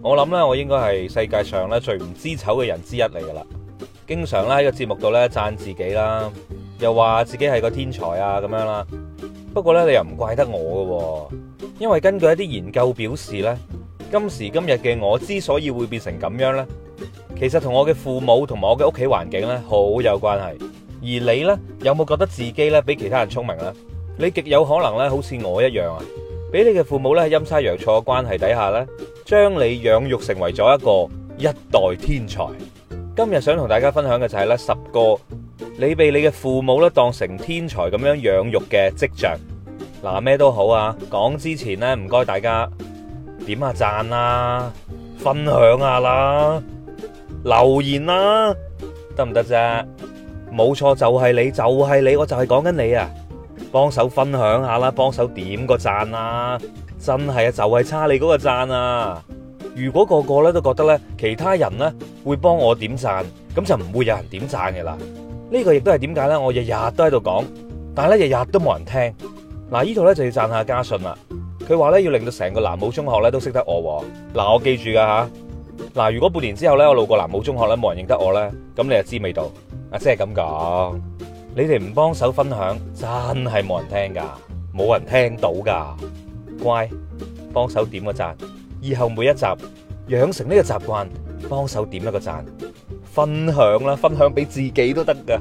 我諗咧，我應該係世界上咧最唔知醜嘅人之一嚟噶啦。經常咧喺個節目度咧讚自己啦，又話自己係個天才啊咁樣啦。不過呢，你又唔怪得我噶，因為根據一啲研究表示呢，今時今日嘅我之所以會變成咁樣呢，其實同我嘅父母同埋我嘅屋企環境呢好有關係。而你呢，有冇覺得自己呢比其他人聰明呢？你極有可能呢好似我一樣啊！俾你嘅父母咧喺陰差陽錯嘅關係底下呢將你養育成為咗一個一代天才。今日想同大家分享嘅就係呢十個你被你嘅父母咧當成天才咁樣養育嘅跡象。嗱，咩都好啊，講之前呢，唔該大家點下讚啦、啊、分享下啦、留言啦、啊，得唔得啫？冇錯就係、是、你，就係、是、你，我就係講緊你啊！幫手分享下啦，幫手點個讚啊。真係啊，就係差你嗰個讚啊！如果個個咧都覺得咧，其他人咧會幫我點讚，咁就唔會有人點讚嘅啦。呢個亦都係點解咧？我日日都喺度講，但係咧日日都冇人聽。嗱，呢度咧就要讚下家信啦。佢話咧要令到成個南武中學咧都識得我。嗱，我記住噶吓。嗱，如果半年之後咧我路過南武中學咧冇人認得我咧，咁你就知味道。即係咁講。就是你哋唔幫手分享，真係冇人聽噶，冇人聽到噶。乖，幫手點個讚。以後每一集養成呢個習慣，幫手點一個讚，分享啦，分享俾自己都得噶，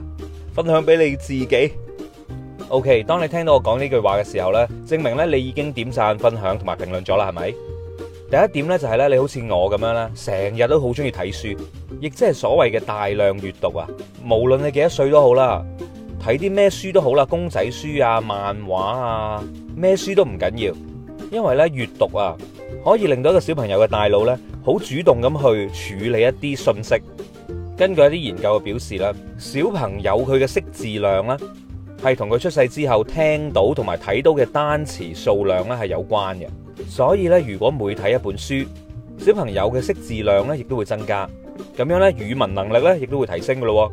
分享俾你自己。OK，當你聽到我講呢句話嘅時候呢，證明咧你已經點讚、分享同埋評論咗啦，係咪？第一點呢，就係咧，你好似我咁樣咧，成日都好中意睇書，亦即係所謂嘅大量閱讀啊。無論你幾多歲都好啦。睇啲咩書都好啦，公仔書啊、漫畫啊，咩書都唔緊要，因為咧閱讀啊，可以令到一個小朋友嘅大腦咧，好主動咁去處理一啲信息。根據一啲研究嘅表示啦，小朋友佢嘅識字量咧，係同佢出世之後聽到同埋睇到嘅單詞數量咧係有關嘅。所以咧，如果每睇一本書，小朋友嘅識字量咧亦都會增加，咁樣咧語文能力咧亦都會提升噶咯。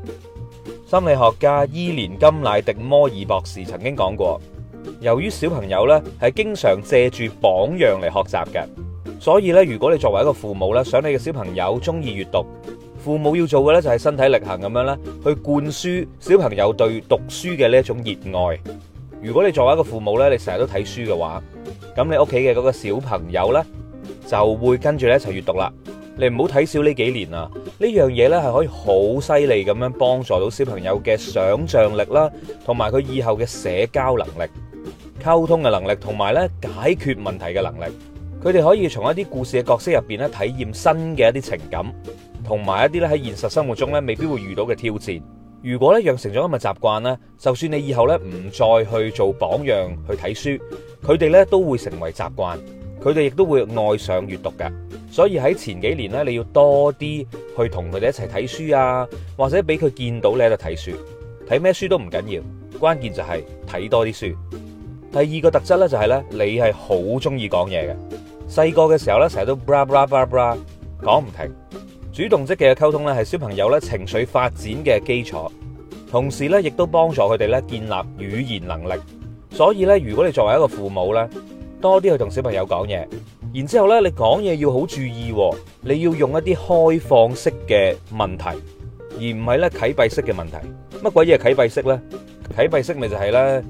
心理學家伊蓮金乃迪摩爾博士曾經講過，由於小朋友咧係經常借住榜樣嚟學習嘅，所以咧，如果你作為一個父母咧，想你嘅小朋友中意閱讀，父母要做嘅咧就係身體力行咁樣咧，去灌輸小朋友對讀書嘅呢一種熱愛。如果你作為一個父母咧，你成日都睇書嘅話，咁你屋企嘅嗰個小朋友呢，就會跟住你一齊閱讀啦。你唔好睇小呢幾年啊！呢樣嘢呢係可以好犀利咁樣幫助到小朋友嘅想象力啦，同埋佢以後嘅社交能力、溝通嘅能力，同埋呢解決問題嘅能力。佢哋可以從一啲故事嘅角色入邊呢，體驗新嘅一啲情感，同埋一啲呢喺現實生活中呢未必會遇到嘅挑戰。如果呢養成咗咁嘅習慣呢，就算你以後呢唔再去做榜樣去睇書，佢哋呢都會成為習慣。佢哋亦都會愛上閱讀嘅，所以喺前幾年呢，你要多啲去同佢哋一齊睇書啊，或者俾佢見到你喺度睇書，睇咩書都唔緊要，關鍵就係睇多啲書。第二個特質呢，就係咧，你係好中意講嘢嘅。細個嘅時候呢，成日都 bla bla bla bla 講唔停。主動積極嘅溝通呢，係小朋友咧情緒發展嘅基礎，同時呢，亦都幫助佢哋咧建立語言能力。所以呢，如果你作為一個父母呢。多啲去同小朋友講嘢，然之後咧，你講嘢要好注意喎，你要用一啲開放式嘅問題，而唔係呢。啟閉式嘅問題。乜鬼嘢啟閉式呢？啟閉式咪就係呢？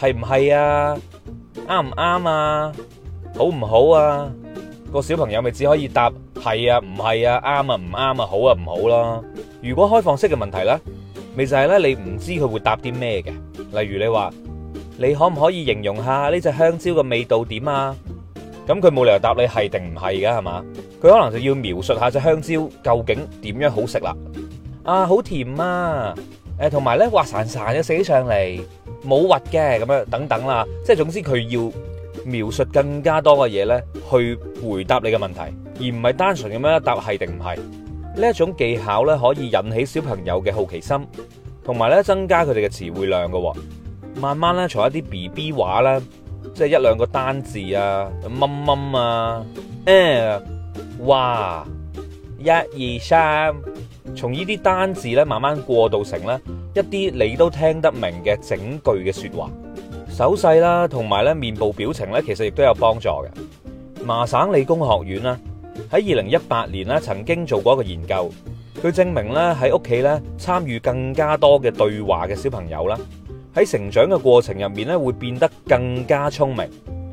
係唔係啊？啱唔啱啊？好唔好啊？個小朋友咪只可以答係啊，唔係啊，啱啊，唔啱啊，好啊，唔好啦。如果開放式嘅問題呢，咪就係呢？你唔知佢會答啲咩嘅。例如你話。你可唔可以形容下呢隻香蕉嘅味道點啊？咁佢冇理由答你係定唔係噶係嘛？佢可能就要描述下隻香蕉究竟點樣好食啦。啊，好甜啊！誒，同埋咧滑潺潺嘅食上嚟，冇核嘅咁樣等等啦。即係總之佢要描述更加多嘅嘢呢，去回答你嘅問題，而唔係單純咁樣答係定唔係。呢一種技巧呢，可以引起小朋友嘅好奇心，同埋呢增加佢哋嘅詞彙量噶喎。慢慢咧，從一啲 B B 話啦，即係一兩個單字啊，咪咪啊，掹掹啊，誒，哇，一二三，從呢啲單字咧，慢慢過渡成咧一啲你都聽得明嘅整句嘅說話。手勢啦，同埋咧面部表情咧，其實亦都有幫助嘅。麻省理工學院啦，喺二零一八年咧，曾經做過一個研究，佢證明咧喺屋企咧參與更加多嘅對話嘅小朋友啦。喺成長嘅過程入面咧，會變得更加聰明，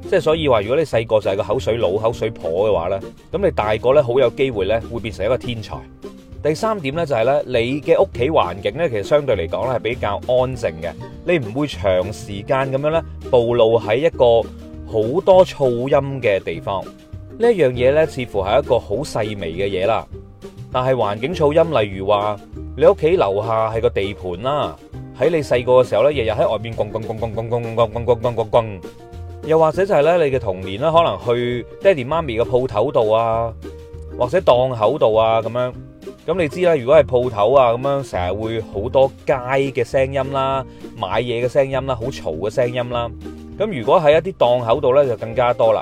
即係所以話，如果你細個就係個口水佬、口水婆嘅話呢，咁你大個呢，好有機會呢會變成一個天才。第三點呢，就係呢你嘅屋企環境呢，其實相對嚟講咧係比較安靜嘅，你唔會長時間咁樣呢暴露喺一個好多噪音嘅地方。呢一樣嘢呢，似乎係一個好細微嘅嘢啦，但係環境噪音，例如話你屋企樓下係個地盤啦。喺你細個嘅時候咧，日日喺外邊轟轟轟轟轟轟轟轟轟轟轟轟，又或者就係咧，你嘅童年咧，可能去爹哋媽咪嘅鋪頭度啊，或者檔口度啊咁樣。咁你知啦，如果係鋪頭啊咁樣，成日會好多街嘅聲音啦、買嘢嘅聲音啦、好嘈嘅聲音啦。咁如果喺一啲檔口度咧，就更加多啦。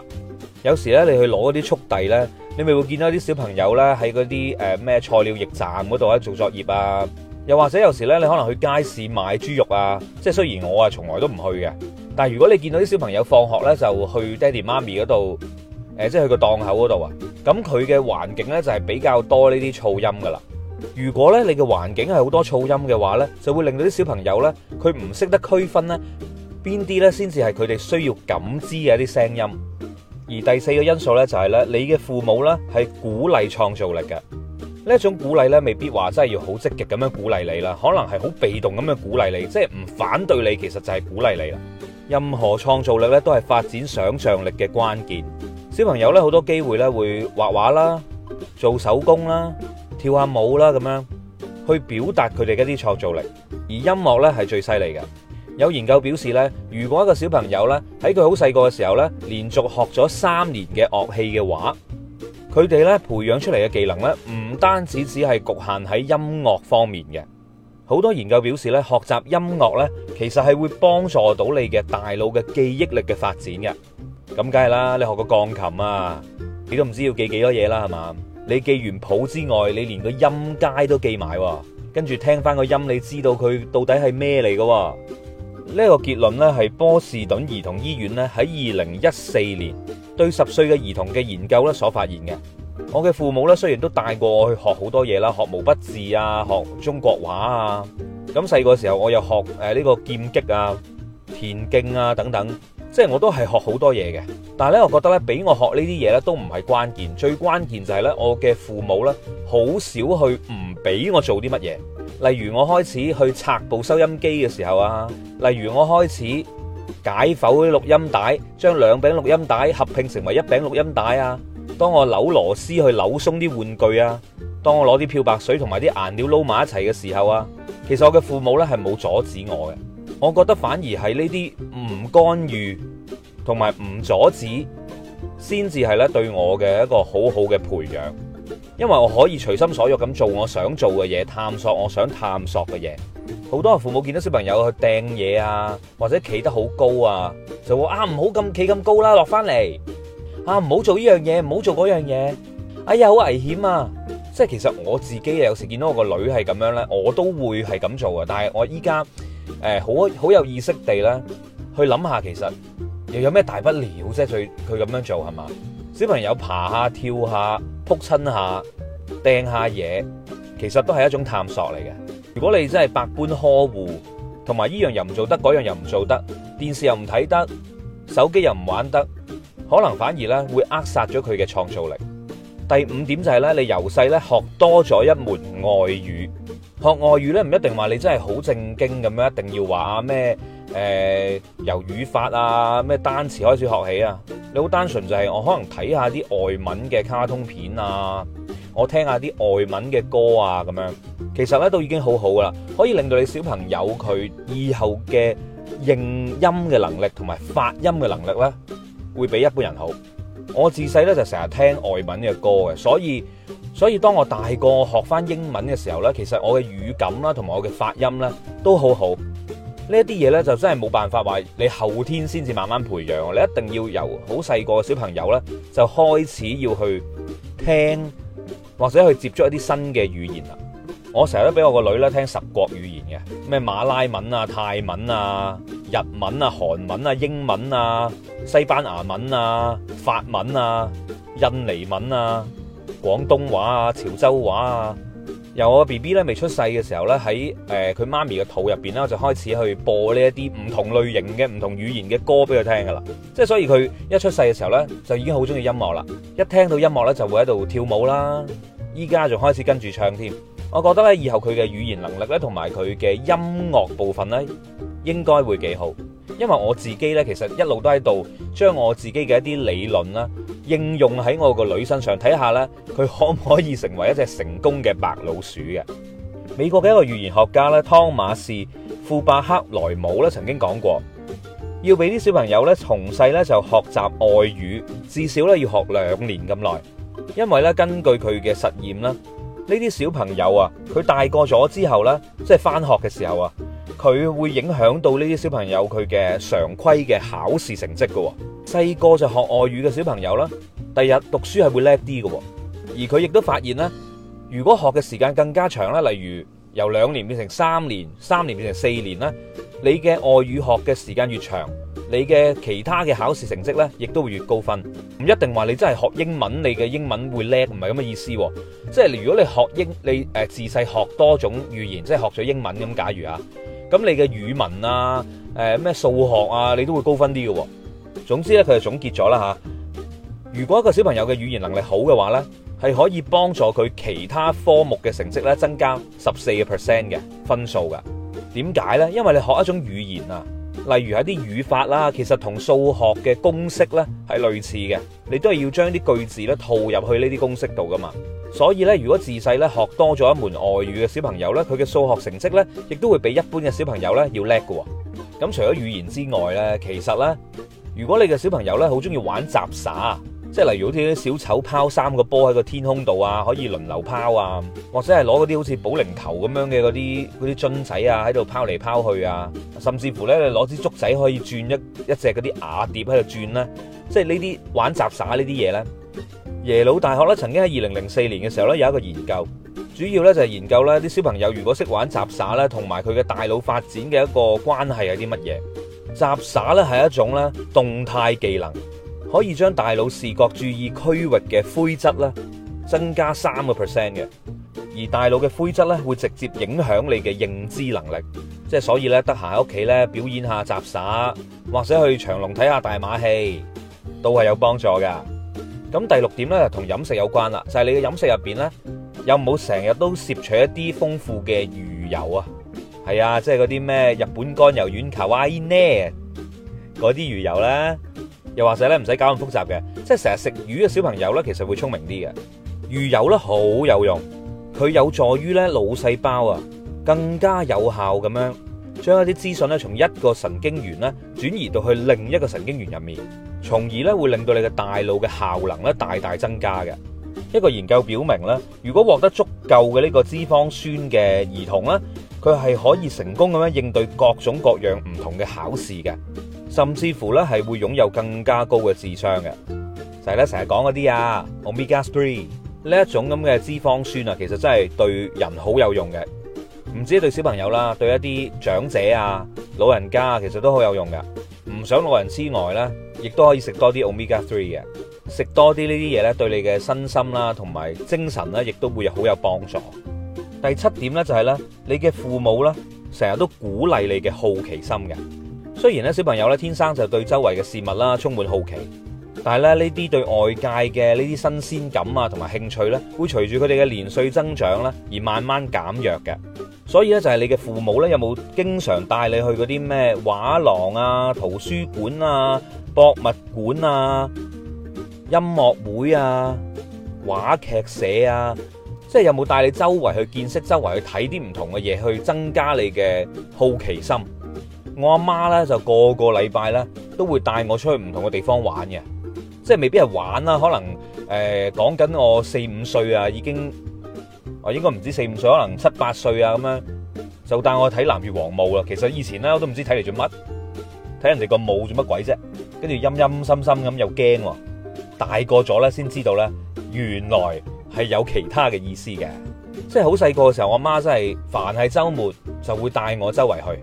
有時咧，你去攞嗰啲速遞咧，你咪會見到啲小朋友咧喺嗰啲誒咩菜鳥驛站嗰度咧做作業啊。又或者有時呢，你可能去街市買豬肉啊，即係雖然我啊從來都唔去嘅，但係如果你見到啲小朋友放學呢，就去爹地媽咪嗰度，誒即係去個檔口嗰度啊，咁佢嘅環境呢，就係比較多呢啲噪音㗎喇。如果呢，你嘅環境係好多噪音嘅話呢，就會令到啲小朋友呢，佢唔識得區分呢邊啲呢先至係佢哋需要感知嘅一啲聲音。而第四個因素呢，就係呢，你嘅父母呢，係鼓勵創造力嘅。呢一種鼓勵咧，未必話真係要好積極咁樣鼓勵你啦，可能係好被動咁樣鼓勵你，即係唔反對你，其實就係鼓勵你啦。任何創造力咧，都係發展想像力嘅關鍵。小朋友咧，好多機會咧，會畫畫啦、做手工啦、跳下舞啦咁樣，去表達佢哋一啲創造力。而音樂咧，係最犀利嘅。有研究表示咧，如果一個小朋友咧，喺佢好細個嘅時候咧，連續學咗三年嘅樂器嘅話，佢哋咧培養出嚟嘅技能咧，唔單止只係局限喺音樂方面嘅。好多研究表示咧，學習音樂咧，其實係會幫助到你嘅大腦嘅記憶力嘅發展嘅。咁梗係啦，你學個鋼琴啊，你都唔知要記幾多嘢啦，係嘛？你記完譜之外，你連個音階都記埋喎。跟住聽返個音，你知道佢到底係咩嚟嘅？呢個結論咧係波士頓兒童醫院咧喺二零一四年，對十歲嘅兒童嘅研究咧所發現嘅，我嘅父母咧雖然都帶過我去學好多嘢啦，學毛筆字啊，學中國畫啊，咁細個時候我又學誒呢個劍擊啊、田徑啊等等，即係我都係學好多嘢嘅。但係呢，我覺得咧俾我學呢啲嘢咧都唔係關鍵，最關鍵就係呢，我嘅父母咧好少去唔俾我做啲乜嘢。例如我開始去拆部收音機嘅時候啊，例如我開始。解剖啲錄音帶，將兩柄錄音帶合併成為一柄錄音帶啊。當我扭螺絲去扭鬆啲玩具啊，當我攞啲漂白水同埋啲顏料撈埋一齊嘅時候啊，其實我嘅父母呢係冇阻止我嘅，我覺得反而係呢啲唔干預同埋唔阻止，先至係呢對我嘅一個好好嘅培養，因為我可以隨心所欲咁做我想做嘅嘢，探索我想探索嘅嘢。好多父母見到小朋友去掟嘢啊，或者企得好高啊，就話啊唔好咁企咁高啦，落翻嚟啊唔好做呢樣嘢，唔好做嗰樣嘢，哎呀好危險啊！即係其實我自己啊，有時見到我個女係咁樣咧，我都會係咁做嘅。但係我依家誒好好有意識地咧，去諗下其實又有咩大不了啫？佢佢咁樣做係嘛？小朋友爬下跳下撲親下掟下嘢，其實都係一種探索嚟嘅。如果你真係百般呵護，同埋呢樣又唔做得，嗰樣又唔做得，電視又唔睇得，手機又唔玩得，可能反而呢會扼殺咗佢嘅創造力。第五點就係呢，你由細呢學多咗一門外語，學外語呢，唔一定話你真係好正經咁樣，一定要話啊咩。誒、呃、由語法啊，咩單詞開始學起啊，你好單純就係、是、我可能睇下啲外文嘅卡通片啊，我聽下啲外文嘅歌啊咁樣，其實呢，都已經好好啦，可以令到你小朋友佢以後嘅認音嘅能力同埋發音嘅能力呢，會比一般人好。我自細呢，就成日聽外文嘅歌嘅，所以所以當我大個學翻英文嘅時候呢，其實我嘅語感啦同埋我嘅發音呢，都好好。呢一啲嘢呢，就真係冇辦法話你後天先至慢慢培養，你一定要由好細個嘅小朋友呢，就開始要去聽或者去接觸一啲新嘅語言啊！我成日都俾我個女呢聽十國語言嘅，咩馬拉文啊、泰文啊、日文啊、韓文啊、英文啊、西班牙文啊、法文啊、印尼文啊、廣東話啊、潮州話啊。由我 B B 咧未出世嘅時候咧，喺誒佢媽咪嘅肚入邊啦，我就開始去播呢一啲唔同類型嘅唔同語言嘅歌俾佢聽噶啦。即係所以佢一出世嘅時候咧，就已經好中意音樂啦。一聽到音樂咧，就會喺度跳舞啦。依家仲開始跟住唱添。我覺得咧，以後佢嘅語言能力咧，同埋佢嘅音樂部分咧，應該會幾好。因為我自己咧，其實一路都喺度將我自己嘅一啲理論啦，應用喺我個女身上睇下呢，佢可唔可以成為一隻成功嘅白老鼠嘅？美國嘅一個語言學家咧，湯馬士庫巴克萊姆咧曾經講過，要俾啲小朋友咧從細咧就學習外語，至少咧要學兩年咁耐，因為咧根據佢嘅實驗啦。呢啲小朋友啊，佢大個咗之後呢，即係翻學嘅時候啊，佢會影響到呢啲小朋友佢嘅常規嘅考試成績噶。細個就學外語嘅小朋友啦，第日讀書係會叻啲噶。而佢亦都發現咧，如果學嘅時間更加長啦，例如由兩年變成三年，三年變成四年啦，你嘅外語學嘅時間越長。你嘅其他嘅考試成績呢，亦都會越高分，唔一定話你真係學英文，你嘅英文會叻，唔係咁嘅意思喎、哦。即係如果你學英，你誒自細學多種語言，即係學咗英文咁，假如啊，咁你嘅語文啊，誒咩數學啊，你都會高分啲嘅、哦。總之呢，佢就總結咗啦吓，如果一個小朋友嘅語言能力好嘅話呢，係可以幫助佢其他科目嘅成績呢，增加十四個 percent 嘅分數㗎。點解呢？因為你學一種語言啊。例如一啲語法啦，其實同數學嘅公式呢係類似嘅，你都係要將啲句子呢套入去呢啲公式度噶嘛。所以呢，如果自細呢學多咗一門外語嘅小朋友呢，佢嘅數學成績呢亦都會比一般嘅小朋友呢要叻嘅。咁除咗語言之外呢，其實呢，如果你嘅小朋友呢好中意玩雜耍。即係例如好似啲小丑拋三個波喺個天空度啊，可以輪流拋啊，或者係攞嗰啲好似保齡球咁樣嘅嗰啲啲樽仔啊，喺度拋嚟拋去啊，甚至乎呢，你攞支竹仔可以轉一一隻嗰啲瓦碟喺度轉啦。即係呢啲玩雜耍呢啲嘢呢，耶魯大學呢曾經喺二零零四年嘅時候呢有一個研究，主要呢就係研究呢啲小朋友如果識玩雜耍呢，同埋佢嘅大腦發展嘅一個關係係啲乜嘢？雜耍呢係一種呢動態技能。可以將大腦視覺注意區域嘅灰質咧增加三個 percent 嘅，而大腦嘅灰質咧會直接影響你嘅認知能力，即係所以咧得閒喺屋企咧表演下雜耍，或者去長隆睇下大馬戲都係有幫助嘅。咁第六點咧同飲食有關啦，就係、是、你嘅飲食入邊咧有冇成日都攝取一啲豐富嘅魚油啊？係啊，即係嗰啲咩日本肝油軟球啊，呢嗰啲魚油咧。又或者咧，唔使搞咁複雜嘅，即係成日食魚嘅小朋友呢，其實會聰明啲嘅。魚油呢，好有用，佢有助於呢腦細胞啊更加有效咁樣將一啲資訊呢，從一個神經元呢轉移到去另一個神經元入面，從而呢會令到你嘅大腦嘅效能呢大大增加嘅。一個研究表明呢，如果獲得足夠嘅呢個脂肪酸嘅兒童呢，佢係可以成功咁樣應對各種各樣唔同嘅考試嘅。甚至乎咧，係會擁有更加高嘅智商嘅，就係咧成日講嗰啲啊，omega three 呢一種咁嘅脂肪酸啊，其實真係對人好有用嘅，唔止對小朋友啦、啊，對一啲長者啊、老人家啊，其實都好有用嘅。唔想老人之外咧，亦都可以食多啲 omega three 嘅，食多啲呢啲嘢咧，對你嘅身心啦、啊，同埋精神咧、啊，亦都會好有，有幫助。第七點咧，就係、是、咧，你嘅父母咧，成日都鼓勵你嘅好奇心嘅。雖然咧，小朋友咧天生就對周圍嘅事物啦充滿好奇，但係咧呢啲對外界嘅呢啲新鮮感啊，同埋興趣咧，會隨住佢哋嘅年歲增長咧而慢慢減弱嘅。所以呢，就係你嘅父母咧，有冇經常帶你去嗰啲咩畫廊啊、圖書館啊、博物館啊、音樂會啊、話劇社啊，即係有冇帶你周圍去見識，周圍去睇啲唔同嘅嘢，去增加你嘅好奇心？我阿媽咧就個個禮拜咧都會帶我出去唔同嘅地方玩嘅，即係未必係玩啦，可能誒、呃、講緊我四五歲啊，已經啊應該唔知四五歲，可能七八歲啊咁樣就帶我睇南越王墓啦。其實以前咧我都唔知睇嚟做乜，睇人哋個墓做乜鬼啫？跟住陰陰森森咁又驚，大個咗咧先知道咧，原來係有其他嘅意思嘅。即係好細個嘅時候，我阿媽真係凡係週末就會帶我周圍去。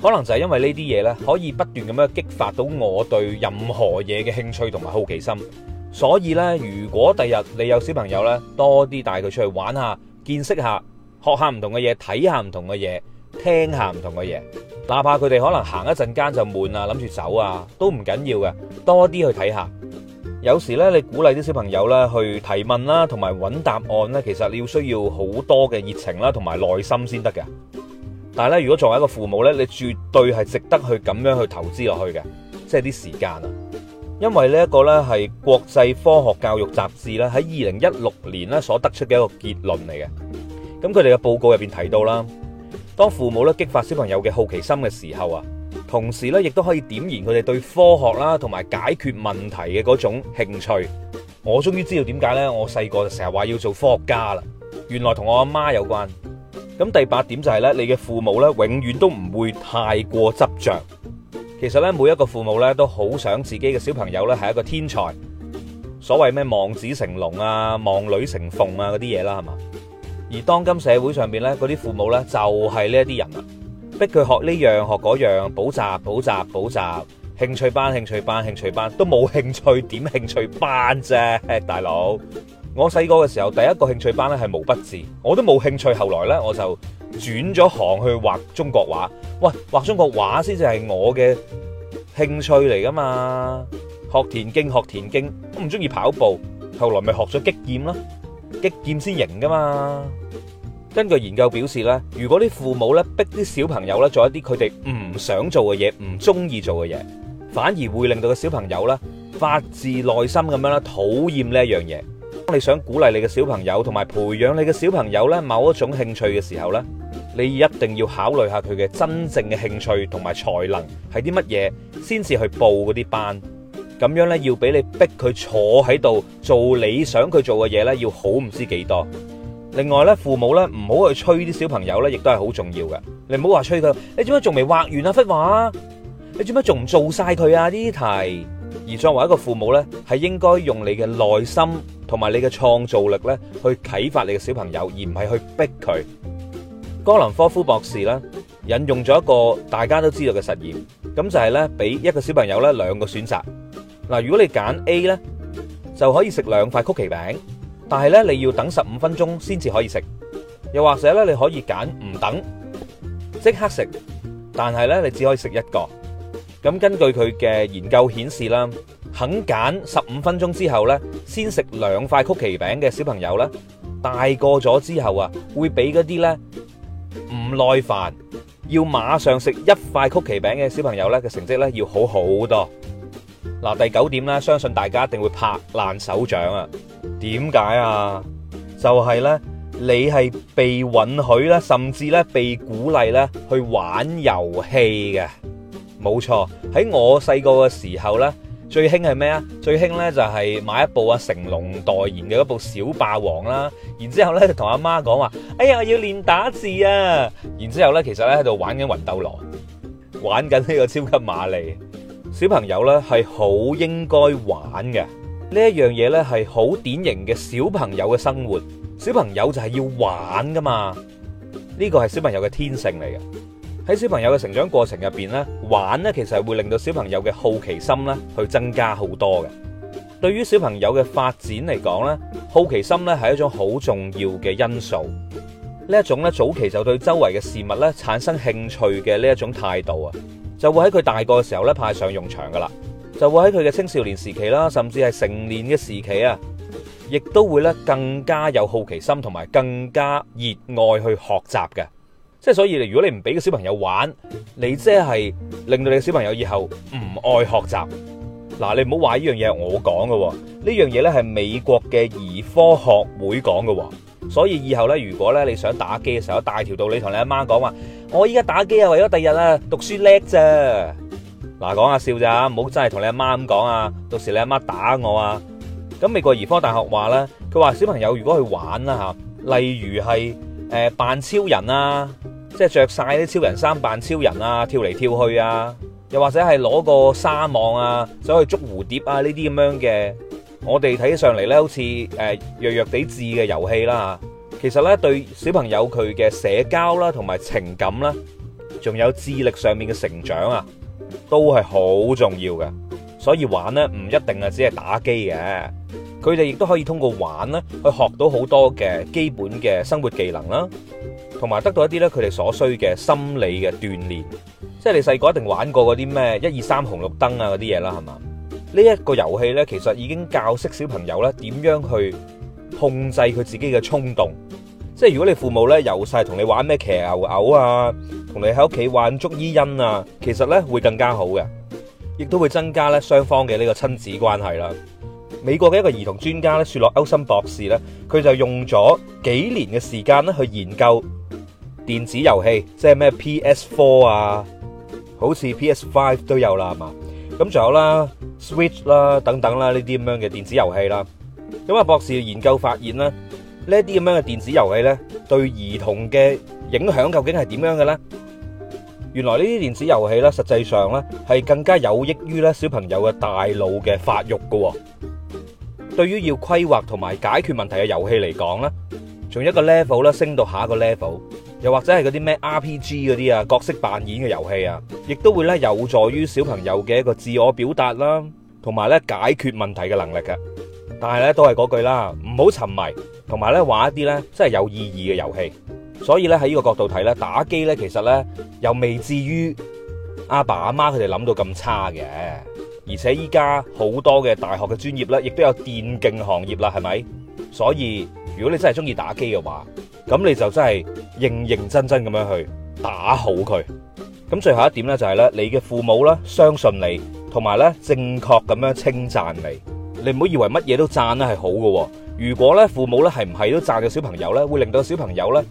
可能就係因為呢啲嘢呢，可以不斷咁樣激發到我對任何嘢嘅興趣同埋好奇心，所以呢，如果第日你有小朋友呢，多啲帶佢出去玩下，見識下，學下唔同嘅嘢，睇下唔同嘅嘢，聽下唔同嘅嘢，哪怕佢哋可能行一陣間就悶啊，諗住走啊，都唔緊要嘅，多啲去睇下。有時呢，你鼓勵啲小朋友呢去提問啦，同埋搵答案呢，其實你要需要好多嘅熱情啦，同埋耐心先得嘅。但係咧，如果作為一個父母咧，你絕對係值得去咁樣去投資落去嘅，即係啲時間啊。因為呢一個咧係國際科學教育雜誌啦，喺二零一六年咧所得出嘅一個結論嚟嘅。咁佢哋嘅報告入邊提到啦，當父母咧激發小朋友嘅好奇心嘅時候啊，同時呢亦都可以點燃佢哋對科學啦同埋解決問題嘅嗰種興趣。我終於知道點解呢，我細個就成日話要做科學家啦，原來同我阿媽有關。咁第八點就係咧，你嘅父母咧永遠都唔會太過執着。其實咧，每一個父母咧都好想自己嘅小朋友咧係一個天才。所謂咩望子成龍啊，望女成鳳啊嗰啲嘢啦，係嘛？而當今社會上邊咧，嗰啲父母咧就係呢一啲人啦，逼佢學呢樣學嗰樣，補習補習補習，興趣班興趣班興趣班都冇興趣，點興趣班啫，大佬。我細個嘅時候，第一個興趣班咧係毛筆字，我都冇興趣。後來咧，我就轉咗行去畫中國畫。喂，畫中國畫先至係我嘅興趣嚟噶嘛？學田徑，學田徑，我唔中意跑步。後來咪學咗擊劍啦，擊劍先型噶嘛？根據研究表示咧，如果啲父母咧逼啲小朋友咧做一啲佢哋唔想做嘅嘢，唔中意做嘅嘢，反而會令到個小朋友咧發自內心咁樣咧討厭呢一樣嘢。當你想鼓勵你嘅小朋友，同埋培養你嘅小朋友咧，某一種興趣嘅時候咧，你一定要考慮下佢嘅真正嘅興趣同埋才能係啲乜嘢，先至去報嗰啲班。咁樣咧，要俾你逼佢坐喺度做你想佢做嘅嘢咧，要好唔知幾多。另外咧，父母咧唔好去催啲小朋友咧，亦都係好重要嘅。你唔好話催佢，你做咩仲未畫完啊？忽話啊！你做咩仲唔做晒佢啊？呢啲題。而作為一個父母咧，係應該用你嘅耐心。同埋你嘅創造力咧，去啟發你嘅小朋友，而唔係去逼佢。哥林科夫博士咧引用咗一個大家都知道嘅實驗，咁就係咧俾一個小朋友咧兩個選擇。嗱，如果你揀 A 咧，就可以食兩塊曲奇餅，但係咧你要等十五分鐘先至可以食。又或者咧你可以揀唔等，即刻食，但係咧你只可以食一個。咁根據佢嘅研究顯示啦。肯揀十五分鐘之後咧，先食兩塊曲奇餅嘅小朋友咧，大個咗之後啊，會比嗰啲咧唔耐煩，要馬上食一塊曲奇餅嘅小朋友咧嘅成績咧要好好多。嗱，第九點咧，相信大家一定會拍爛手掌啊！點解啊？就係咧，你係被允許咧，甚至咧被鼓勵咧去玩遊戲嘅，冇錯。喺我細個嘅時候咧。最興係咩啊？最興咧就係買一部啊成龍代言嘅一部小霸王啦，然之後咧就同阿媽講話，哎呀，我要練打字啊！然之後咧，其實咧喺度玩緊《魂斗羅》，玩緊呢個《超級瑪利》。小朋友咧係好應該玩嘅，呢一樣嘢咧係好典型嘅小朋友嘅生活。小朋友就係要玩噶嘛，呢個係小朋友嘅天性嚟嘅。喺小朋友嘅成長過程入邊咧，玩咧其實會令到小朋友嘅好奇心咧去增加好多嘅。對於小朋友嘅發展嚟講咧，好奇心咧係一種好重要嘅因素。呢一種咧早期就對周圍嘅事物咧產生興趣嘅呢一種態度啊，就會喺佢大個嘅時候咧派上用場噶啦。就會喺佢嘅青少年時期啦，甚至係成年嘅時期啊，亦都會咧更加有好奇心同埋更加熱愛去學習嘅。即係所以，如果你唔俾個小朋友玩，你即係令到你嘅小朋友以後唔愛學習。嗱，你唔好話呢樣嘢係我講噶，呢樣嘢呢係美國嘅兒科學會講噶。所以以後呢，如果呢你想打機嘅時候，大條道理同你阿媽講話，我依家打機係為咗第日啊讀書叻咋。嗱，講下笑咋，唔好真係同你阿媽咁講啊，到時你阿媽打我啊。咁美國兒科大學話呢，佢話小朋友如果去玩啦吓，例如係誒扮超人啊。即係着晒啲超人衫扮超人啊，跳嚟跳去啊，又或者係攞個紗網啊，走去捉蝴蝶啊呢啲咁樣嘅，我哋睇起上嚟呢，好似誒弱弱哋智嘅遊戲啦，其實呢，對小朋友佢嘅社交啦、啊，同埋情感啦、啊，仲有智力上面嘅成長啊，都係好重要嘅。所以玩呢，唔一定係，只係打機嘅，佢哋亦都可以通過玩呢，去學到好多嘅基本嘅生活技能啦、啊。同埋得到一啲咧，佢哋所需嘅心理嘅鍛鍊，即係你細個一定玩過嗰啲咩一二三紅綠燈啊嗰啲嘢啦，係嘛？呢一個遊戲咧，其實已經教識小朋友咧點樣去控制佢自己嘅衝動。即係如果你父母咧由細同你玩咩騎牛牛啊，同你喺屋企玩捉伊恩啊，其實咧會更加好嘅，亦都會增加咧雙方嘅呢個親子關係啦。美國嘅一個兒童專家咧，雪落歐森博士咧，佢就用咗幾年嘅時間咧去研究。電子遊戲即係咩？PS4 啊，好似 PS5 都有啦，係嘛？咁，仲有啦 Switch 啦，等等啦呢啲咁樣嘅電子遊戲啦。咁啊，博士研究發現咧，呢一啲咁樣嘅電子遊戲咧，對兒童嘅影響究竟係點樣嘅咧？原來呢啲電子遊戲咧，實際上咧係更加有益於咧小朋友嘅大腦嘅發育噶。對於要規劃同埋解決問題嘅遊戲嚟講咧，從一個 level 咧升到下一個 level。又或者係嗰啲咩 RPG 嗰啲啊，角色扮演嘅遊戲啊，亦都會咧有助於小朋友嘅一個自我表達啦，啊，同埋咧解決問題嘅能力嘅，啊。但係呢都係嗰句啦，唔好沉迷，同埋呢玩一啲呢真係有意義嘅遊戲。所以呢，喺呢個角度睇呢，打機呢其實呢又未至於阿爸阿媽佢哋諗到咁差嘅。而且依家好多嘅大學嘅專業呢，亦都有電競行業啦，係咪？所以。如果你真係中意打機嘅話，咁你就真係認認真真咁樣去打好佢。咁最後一點咧，就係咧，你嘅父母咧相信你，同埋咧正確咁樣稱讚你。你唔好以為乜嘢都讚咧係好嘅。如果咧父母咧係唔係都讚嘅小朋友咧，會令到小朋友咧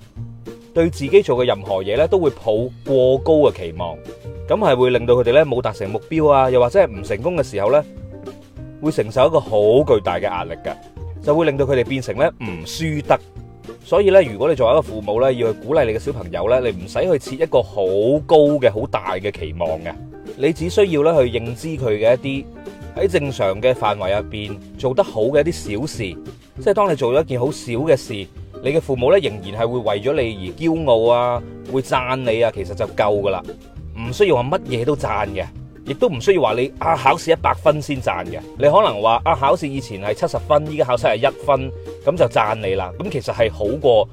對自己做嘅任何嘢咧，都會抱過高嘅期望。咁係會令到佢哋咧冇達成目標啊，又或者係唔成功嘅時候咧，會承受一個好巨大嘅壓力㗎。就會令到佢哋變成咧唔輸得，所以咧如果你作為一個父母咧，要去鼓勵你嘅小朋友咧，你唔使去設一個好高嘅、好大嘅期望嘅，你只需要咧去認知佢嘅一啲喺正常嘅範圍入邊做得好嘅一啲小事，即係當你做咗一件好小嘅事，你嘅父母咧仍然係會為咗你而驕傲啊，會讚你啊，其實就夠㗎喇，唔需要話乜嘢都讚嘅。亦都唔需要話你啊考試一百分先讚嘅，你可能話啊考試以前係七十分，依家考七十一分，咁就讚你啦。咁其實係好過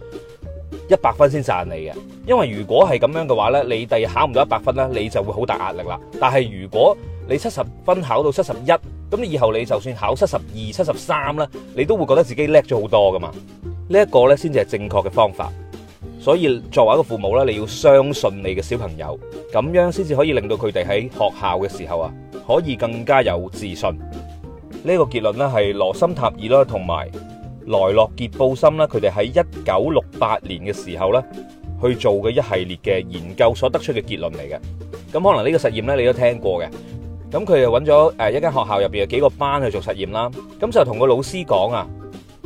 一百分先讚你嘅，因為如果係咁樣嘅話呢，你第日考唔到一百分呢，你就會好大壓力啦。但係如果你七十分考到七十一，咁你以後你就算考七十二、七十三呢，你都會覺得自己叻咗好多噶嘛。呢、這、一個呢，先至係正確嘅方法。所以作為一個父母咧，你要相信你嘅小朋友，咁樣先至可以令到佢哋喺學校嘅時候啊，可以更加有自信。呢個結論咧係羅森塔爾啦，同埋萊洛傑布森啦，佢哋喺一九六八年嘅時候咧去做嘅一系列嘅研究所得出嘅結論嚟嘅。咁可能呢個實驗咧你都聽過嘅。咁佢就揾咗誒一間學校入邊嘅幾個班去做實驗啦。咁就同個老師講啊，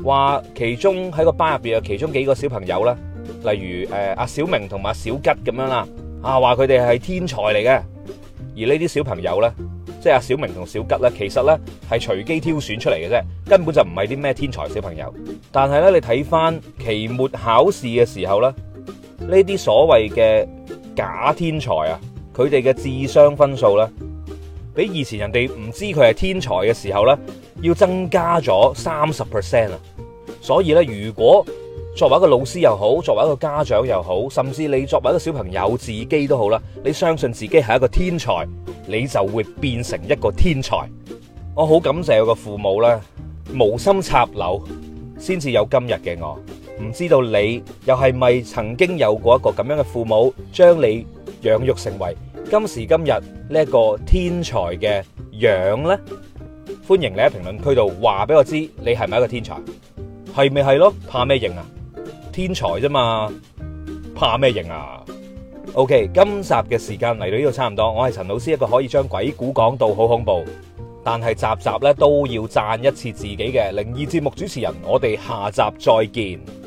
話其中喺個班入邊有其中幾個小朋友啦。例如誒阿小明同埋小吉咁樣啦，啊話佢哋係天才嚟嘅，而呢啲小朋友咧，即係阿小明同小吉咧，其實咧係隨機挑選出嚟嘅啫，根本就唔係啲咩天才小朋友。但係咧，你睇翻期末考試嘅時候咧，呢啲所謂嘅假天才啊，佢哋嘅智商分數咧，比以前人哋唔知佢係天才嘅時候咧，要增加咗三十 percent 啊。所以咧，如果作為一個老師又好，作為一個家長又好，甚至你作為一個小朋友自己都好啦，你相信自己係一個天才，你就會變成一個天才。我好感謝我個父母啦，無心插柳先至有今日嘅我。唔知道你又係咪曾經有過一個咁樣嘅父母，將你養育成為今時今日呢一個天才嘅樣呢？歡迎你喺評論區度話俾我知，你係咪一個天才？係咪係咯？怕咩型啊？天才啫嘛，怕咩型啊？OK，今集嘅時間嚟到呢度差唔多，我係陳老師一個可以將鬼故講到好恐怖，但係集集咧都要讚一次自己嘅靈異節目主持人，我哋下集再見。